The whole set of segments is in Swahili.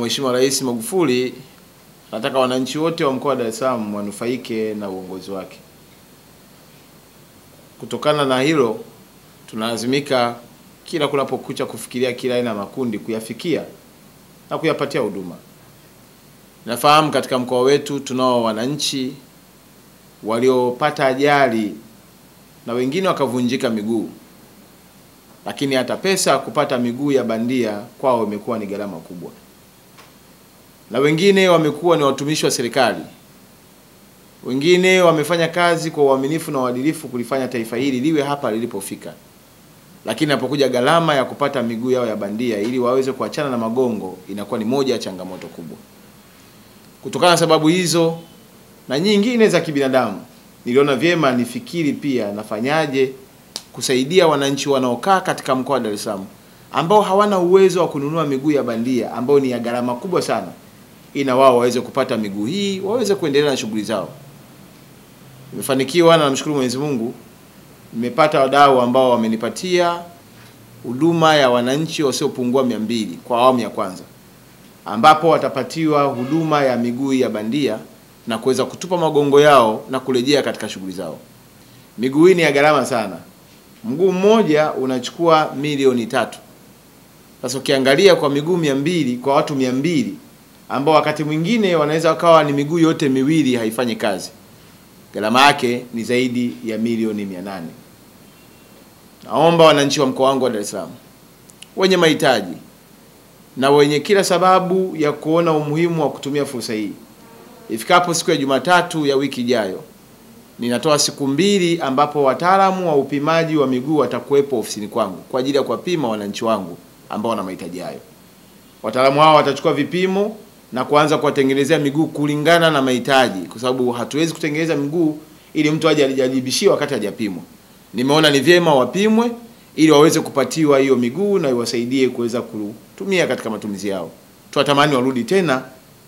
Mheshimiwa Rais Magufuli nataka wananchi wote wa mkoa wa Dar es Salaam wanufaike na uongozi wake. Kutokana na hilo, tunalazimika kila kunapokucha kufikiria kila aina ya makundi kuyafikia na kuyapatia huduma. Nafahamu katika mkoa wetu tunao wananchi waliopata ajali na wengine wakavunjika miguu, lakini hata pesa kupata miguu ya bandia kwao imekuwa ni gharama kubwa na wengine wamekuwa ni watumishi wa serikali, wengine wamefanya kazi kwa uaminifu na uadilifu kulifanya taifa hili liwe hapa lilipofika, lakini inapokuja gharama ya kupata miguu yao ya bandia ili waweze kuachana na magongo, inakuwa ni moja ya changamoto kubwa. Kutokana na sababu hizo na nyingine za kibinadamu, niliona vyema nifikiri pia nafanyaje kusaidia wananchi wanaokaa katika mkoa wa Dar es Salaam ambao hawana uwezo wa kununua miguu ya bandia ambayo ni ya gharama kubwa sana ina wao waweze kupata miguu hii waweze kuendelea na shughuli zao. Nimefanikiwa na namshukuru Mwenyezi Mungu, nimepata wadau ambao wamenipatia huduma ya wananchi wasiopungua mia mbili kwa awamu ya kwanza, ambapo watapatiwa huduma ya miguu ya bandia na kuweza kutupa magongo yao na kurejea katika shughuli zao. Miguu hii ni ya gharama sana, mguu mmoja unachukua milioni tatu. Sasa ukiangalia kwa miguu mia mbili kwa watu mia mbili ambao wakati mwingine wanaweza wakawa ni miguu yote miwili haifanyi kazi, gharama yake ni zaidi ya milioni mia nane. Naomba wananchi wa mkoa wangu wa Dar es Salaam wenye mahitaji na wenye kila sababu ya kuona umuhimu wa kutumia fursa hii, ifikapo siku ya Jumatatu ya wiki ijayo, ninatoa siku mbili ambapo wataalamu wa upimaji wa miguu watakuwepo ofisini kwangu kwa ajili ya kuwapima wananchi wangu ambao wana mahitaji hayo. Wataalamu hao watachukua vipimo na kuanza kuwatengenezea miguu kulingana na mahitaji, kwa sababu hatuwezi kutengeneza miguu ili mtu aje ajajibishiwe wakati hajapimwa. Nimeona ni vyema wapimwe ili waweze kupatiwa hiyo miguu na iwasaidie kuweza kutumia katika matumizi yao. Tuatamani warudi tena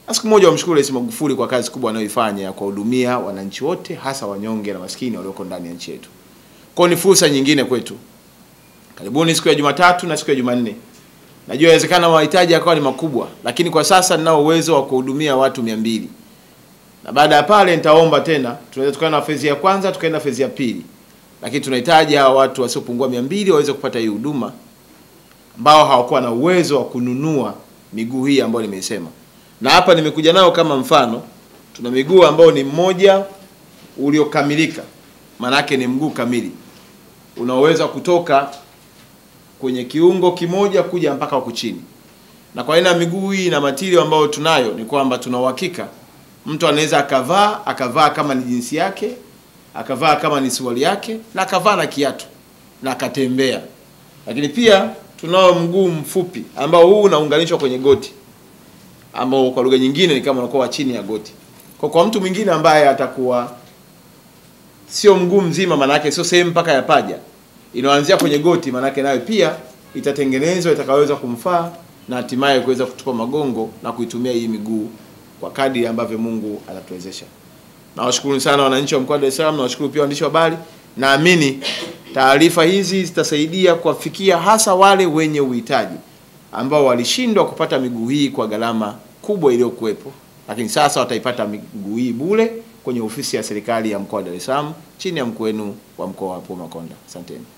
na siku moja wamshukuru Rais Magufuli kwa kazi kubwa anayoifanya ya kuwahudumia wananchi wote, hasa wanyonge na maskini walioko ndani ya nchi yetu. Kwa ni fursa nyingine kwetu. Karibuni siku ya Jumatatu na siku ya Jumanne. Najua inawezekana mahitaji yakawa ni makubwa, lakini kwa sasa ninao uwezo wa kuhudumia watu mia mbili na baada ya pale nitaomba tena, tunaweza tukaenda na fezi ya kwanza tukaenda fezi ya pili, lakini tunahitaji hawa watu wasiopungua mia mbili waweze kupata hii huduma ambao hawakuwa na uwezo wa kununua miguu hii ambayo nimesema, na hapa nimekuja nao kama mfano. Tuna miguu ambayo ni mmoja uliokamilika, maanake ni mguu kamili, unaweza kutoka kwenye kiungo kimoja kuja mpaka huku chini. Na kwa aina ya miguu hii na matirio ambayo tunayo ni kwamba tuna uhakika mtu anaweza akavaa akavaa kama ni jinsi yake, akavaa kama ni suruali yake, na akavaa na kiatu na akatembea. Lakini pia tunao mguu mfupi ambao huu unaunganishwa kwenye goti, ambao kwa lugha nyingine ni kama unakuwa chini ya goti. Kwa kwa mtu mwingine ambaye atakuwa sio mguu mzima, maana yake sio sehemu mpaka ya paja inaanzia kwenye goti, maanake nayo pia itatengenezwa itakaweza kumfaa na hatimaye kuweza kutupa magongo na kuitumia hii miguu kwa kadiri ambavyo Mungu anatuwezesha. Nawashukuru sana wananchi wa mkoa wa Dar es Salaam, nawashukuru pia waandishi wa habari. Naamini taarifa hizi zitasaidia kuwafikia hasa wale wenye uhitaji ambao walishindwa kupata miguu hii kwa gharama kubwa iliyokuwepo, lakini sasa wataipata miguu hii bure kwenye ofisi ya serikali ya mkoa wa Dar es Salaam chini ya mkuu wenu wa mkoa wa Paul Makonda. Asanteni.